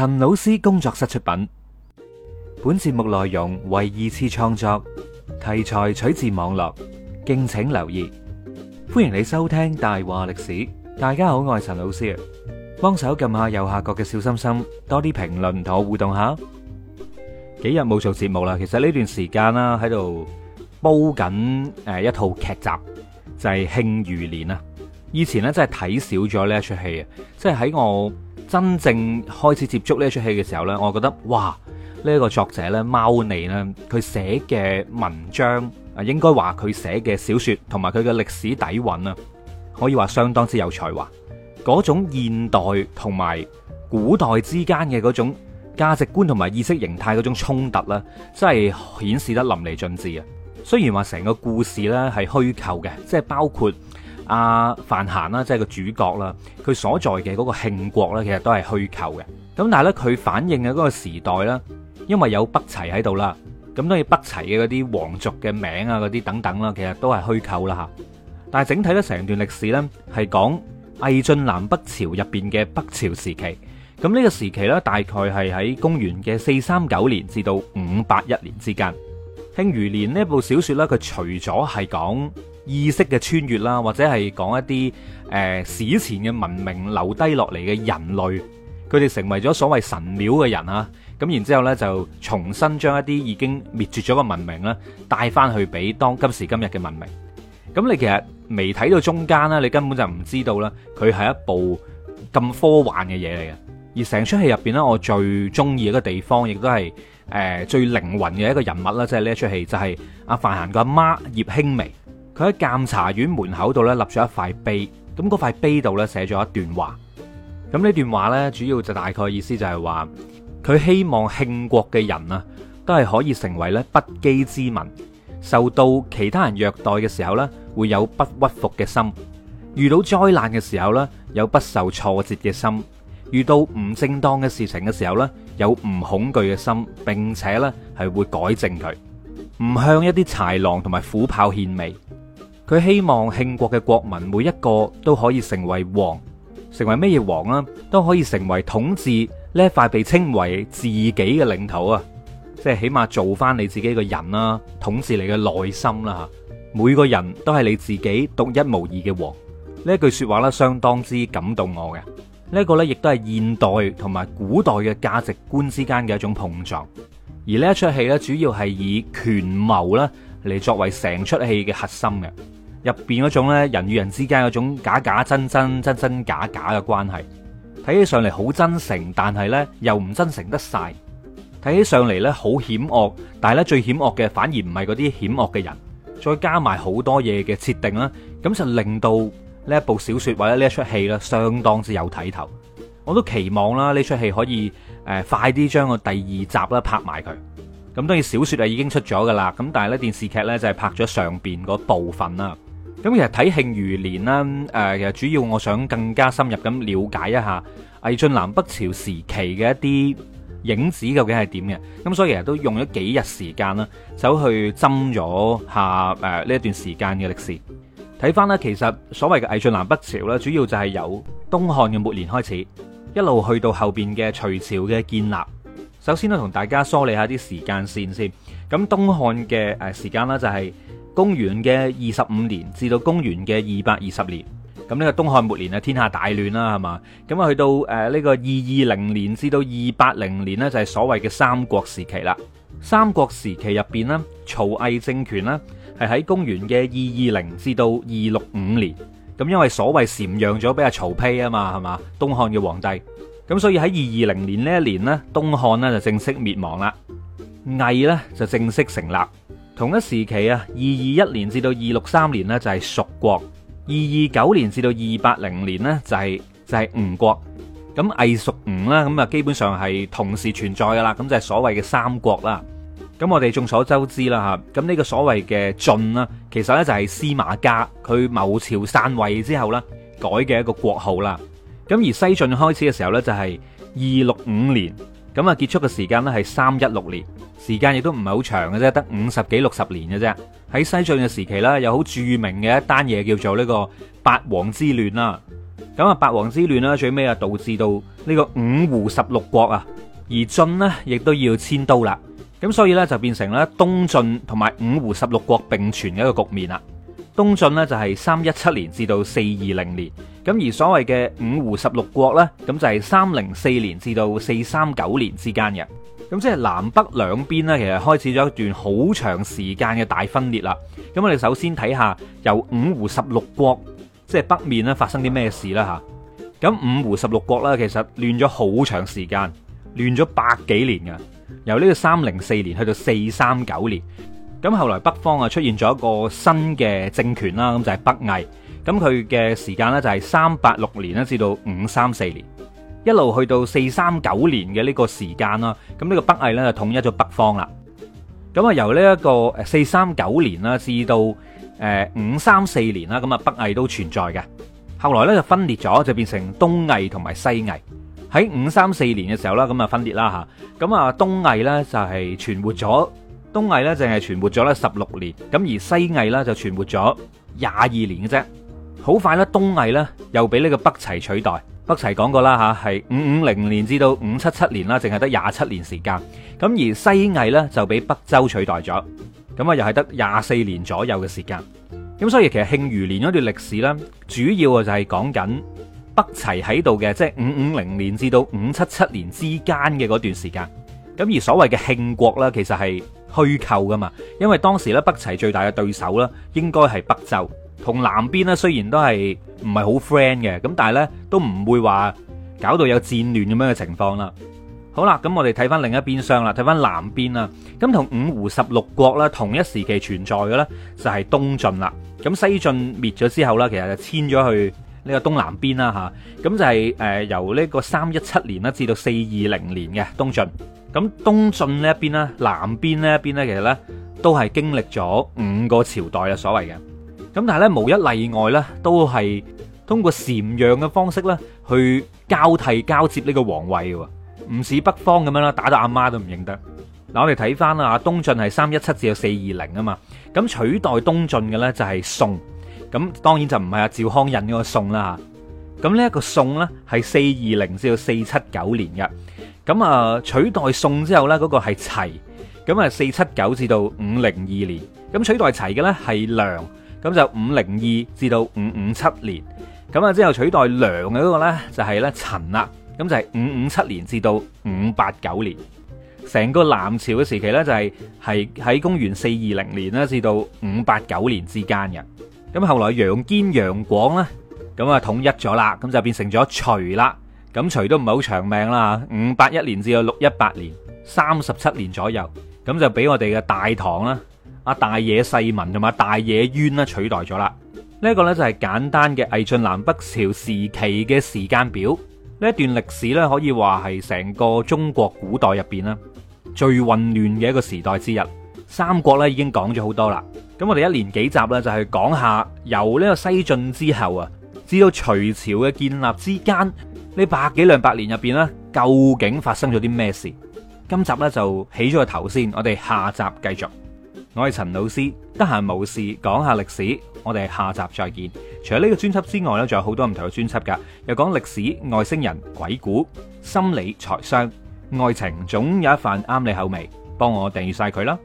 陳老師工作室出品，本節目內容為二次創作，題材取自網絡，敬請留意。歡迎你收聽大話歷史，大家好，我係陳老師。幫手撳下右下角嘅小心心，多啲評論同我互動下。幾日冇做節目啦，其實呢段時間啦喺度煲緊誒一套劇集，就係慶餘年啊。以前咧真係睇少咗呢一出戲啊！即係喺我真正開始接觸呢一出戲嘅時候呢，我覺得哇，呢、這、一個作者呢，貓膩呢，佢寫嘅文章啊，應該話佢寫嘅小說同埋佢嘅歷史底蘊啊，可以話相當之有才華。嗰種現代同埋古代之間嘅嗰種價值觀同埋意識形態嗰種衝突呢，真係顯示得淋漓盡致啊！雖然話成個故事呢係虛構嘅，即係包括。阿、啊、范閑啦，即係個主角啦，佢所在嘅嗰個慶國呢，其實都係虛構嘅。咁但係呢，佢反映嘅嗰個時代咧，因為有北齊喺度啦，咁當然北齊嘅嗰啲皇族嘅名啊，嗰啲等等啦，其實都係虛構啦吓。但係整體呢，成段歷史呢，係講魏晉南北朝入邊嘅北朝時期。咁呢個時期呢，大概係喺公元嘅四三九年至到五八一年之間。慶餘年呢部小說呢，佢除咗係講。意識嘅穿越啦，或者係講一啲誒、呃、史前嘅文明留低落嚟嘅人類，佢哋成為咗所謂神廟嘅人啊！咁然之後呢就重新將一啲已經滅絕咗嘅文明呢，帶翻去俾當今時今日嘅文明。咁你其實未睇到中間呢，你根本就唔知道呢，佢係一部咁科幻嘅嘢嚟嘅。而成出戲入邊呢，我最中意一個地方亦都係誒、呃、最靈魂嘅一個人物啦，即係呢一出戲就係、是、阿范閒嘅阿媽，媽葉輕眉。佢喺監察院門口度咧立咗一塊碑，咁嗰塊碑度咧寫咗一段話，咁呢段話咧主要就大概意思就係話，佢希望慶國嘅人啊，都係可以成為咧不羈之民，受到其他人虐待，嘅時候咧會有不屈服嘅心，遇到災難嘅時候咧有不受挫折嘅心，遇到唔正當嘅事情嘅時候咧有唔恐懼嘅心，並且咧係會改正佢，唔向一啲豺狼同埋虎豹獻媚。佢希望慶國嘅國民每一個都可以成為王，成為乜嘢王啊？都可以成為統治呢一塊被稱為自己嘅領土啊！即係起碼做翻你自己嘅人啦，統治你嘅內心啦吓。每個人都係你自己獨一無二嘅王。呢句說話咧，相當之感動我嘅。呢個呢，亦都係現代同埋古代嘅價值觀之間嘅一種碰撞。而呢一出戲呢，主要係以權謀咧嚟，作為成出戲嘅核心嘅。入邊嗰種咧，人與人之間嗰種假假真真、真真假假嘅關係，睇起上嚟好真誠，但係咧又唔真誠得晒。睇起上嚟咧好險惡，但係咧最險惡嘅反而唔係嗰啲險惡嘅人，再加埋好多嘢嘅設定啦，咁就令到呢一部小說或者呢一出戲啦相當之有睇頭。我都期望啦，呢出戲可以誒快啲將個第二集啦拍埋佢。咁當然小說啊已經出咗㗎喇，咁但係咧電視劇咧就係拍咗上邊嗰部分啦。咁其實睇慶餘年啦，誒其實主要我想更加深入咁了解一下魏晉南北朝時期嘅一啲影子究竟係點嘅。咁所以其實都用咗幾日時間啦，走去斟咗下誒呢一段時間嘅歷史。睇翻啦，其實所謂嘅魏晉南北朝呢，主要就係由東漢嘅末年開始，一路去到後面嘅隋朝嘅建立。首先呢，同大家梳理下啲時間線先。咁東漢嘅誒時間呢，就係、是。公元嘅二十五年至到公元嘅二百二十年，咁呢個東漢末年啊，天下大亂啦，係嘛？咁啊，去到誒呢個二二零年至到二八零年呢，就係所謂嘅三國時期啦。三國時期入邊呢，曹魏政權呢，係喺公元嘅二二零至到二六五年。咁因為所謂禪讓咗俾阿曹丕啊嘛，係嘛？東漢嘅皇帝，咁所以喺二二零年呢一年呢，東漢呢就正式滅亡啦，魏呢就正式成立。同一時期啊，二二一年至到二六三年咧就係蜀國，二二九年至到二八零年咧就係就係吳國，咁魏蜀吳啦，咁啊基本上係同時存在噶啦，咁就係所謂嘅三國啦。咁我哋眾所周知啦，哈，咁呢個所謂嘅晉咧，其實咧就係司馬家佢謀朝篡位之後咧改嘅一個國號啦。咁而西晉開始嘅時候咧就係二六五年，咁啊結束嘅時間咧係三一六年。時間亦都唔係好長嘅啫，得五十幾六十年嘅啫。喺西晉嘅時期啦，有好著名嘅一單嘢叫做呢個八王之亂啦。咁啊，八王之亂啦，最尾啊導致到呢個五胡十六國啊，而晉呢，亦都要遷都啦。咁所以呢，就變成咧東晉同埋五胡十六國並存嘅一個局面啦。東晉呢，就係三一七年至到四二零年，咁而所謂嘅五胡十六國呢，咁就係三零四年至到四三九年之間嘅。咁即係南北兩邊呢，其實開始咗一段好長時間嘅大分裂啦。咁我哋首先睇下由五胡十六國，即係北面咧，發生啲咩事啦吓。咁五胡十六國呢，其實亂咗好長時間，亂咗百幾年嘅，由呢個三零四年去到四三九年。咁後來北方啊出現咗一個新嘅政權啦，咁就係北魏。咁佢嘅時間呢，就係三八六年至到五三四年。一路去到四三九年嘅呢個時間啦，咁呢個北魏咧就統一咗北方啦。咁啊由呢一個誒四三九年啦，至到誒五三四年啦，咁啊北魏都存在嘅。後來咧就分裂咗，就變成東魏同埋西魏。喺五三四年嘅時候啦，咁啊分裂啦吓。咁啊東魏咧就係存活咗，東魏咧淨係存活咗咧十六年。咁而西魏咧就存活咗廿二年嘅啫。好快咧，東魏咧又俾呢個北齊取代。北齊講過啦吓，係五五零年至到五七七年啦，淨係得廿七年時間。咁而西魏呢，就俾北周取代咗，咁啊又係得廿四年左右嘅時間。咁所以其實慶餘年嗰段歷史呢，主要啊就係講緊北齊喺度嘅，即係五五零年至到五七七年之間嘅嗰段時間。咁而所謂嘅慶國呢，其實係虛構㗎嘛，因為當時呢，北齊最大嘅對手呢，應該係北周。同南邊咧，雖然都係唔係好 friend 嘅，咁但係咧都唔會話搞到有戰亂咁樣嘅情況啦。好啦，咁我哋睇翻另一邊廂啦，睇翻南邊啊。咁同五胡十六國啦同一時期存在嘅咧，就係東晉啦。咁西晉滅咗之後啦，其實就遷咗去呢個東南邊啦嚇。咁就係誒由呢個三一七年啦，至到四二零年嘅東晉。咁東晉呢一邊啦，南邊呢一邊咧，其實咧都係經歷咗五個朝代啦，所謂嘅。咁但係咧，無一例外咧，都係通過禪讓嘅方式咧，去交替交接呢個皇位嘅喎，唔似北方咁樣啦，打到阿媽都唔認得嗱。我哋睇翻啦，東晉係三一七至到四二零啊嘛。咁取代東晉嘅咧就係宋，咁當然就唔係阿趙匡胤嗰個宋啦嚇。咁呢一個宋咧係四二零至到四七九年嘅。咁啊取代宋之後咧，嗰個係齊，咁啊四七九至到五零二年，咁取代齊嘅咧係梁。咁就五零二至到五五七年，咁啊之後取代梁嘅嗰個咧就係咧陳啦，咁就係五五七年至到五八九年，成個南朝嘅時期咧就係係喺公元四二零年啦至到五八九年之間嘅，咁後來楊堅、楊廣咧，咁啊統一咗啦，咁就變成咗隋啦，咁隋都唔係好長命啦，五八一年至到六一八年，三十七年左右，咁就俾我哋嘅大唐啦。大野世民同埋大野淵啦取代咗啦，呢、這、一個咧就係簡單嘅魏晉南北朝時期嘅時間表。呢一段歷史呢，可以話係成個中國古代入邊啦最混亂嘅一個時代之一。三國呢已經講咗好多啦，咁我哋一連幾集呢，就係講下由呢個西晉之後啊，至到隋朝嘅建立之間呢百幾兩百年入邊呢，究竟發生咗啲咩事？今集呢，就起咗個頭先，我哋下集繼續。我係陳老師，得閒冇事講下歷史，我哋下集再見。除咗呢個專輯之外呢，仲有好多唔同嘅專輯噶，又講歷史、外星人、鬼故、心理、財商、愛情，總有一份啱你口味。幫我訂閱晒佢啦。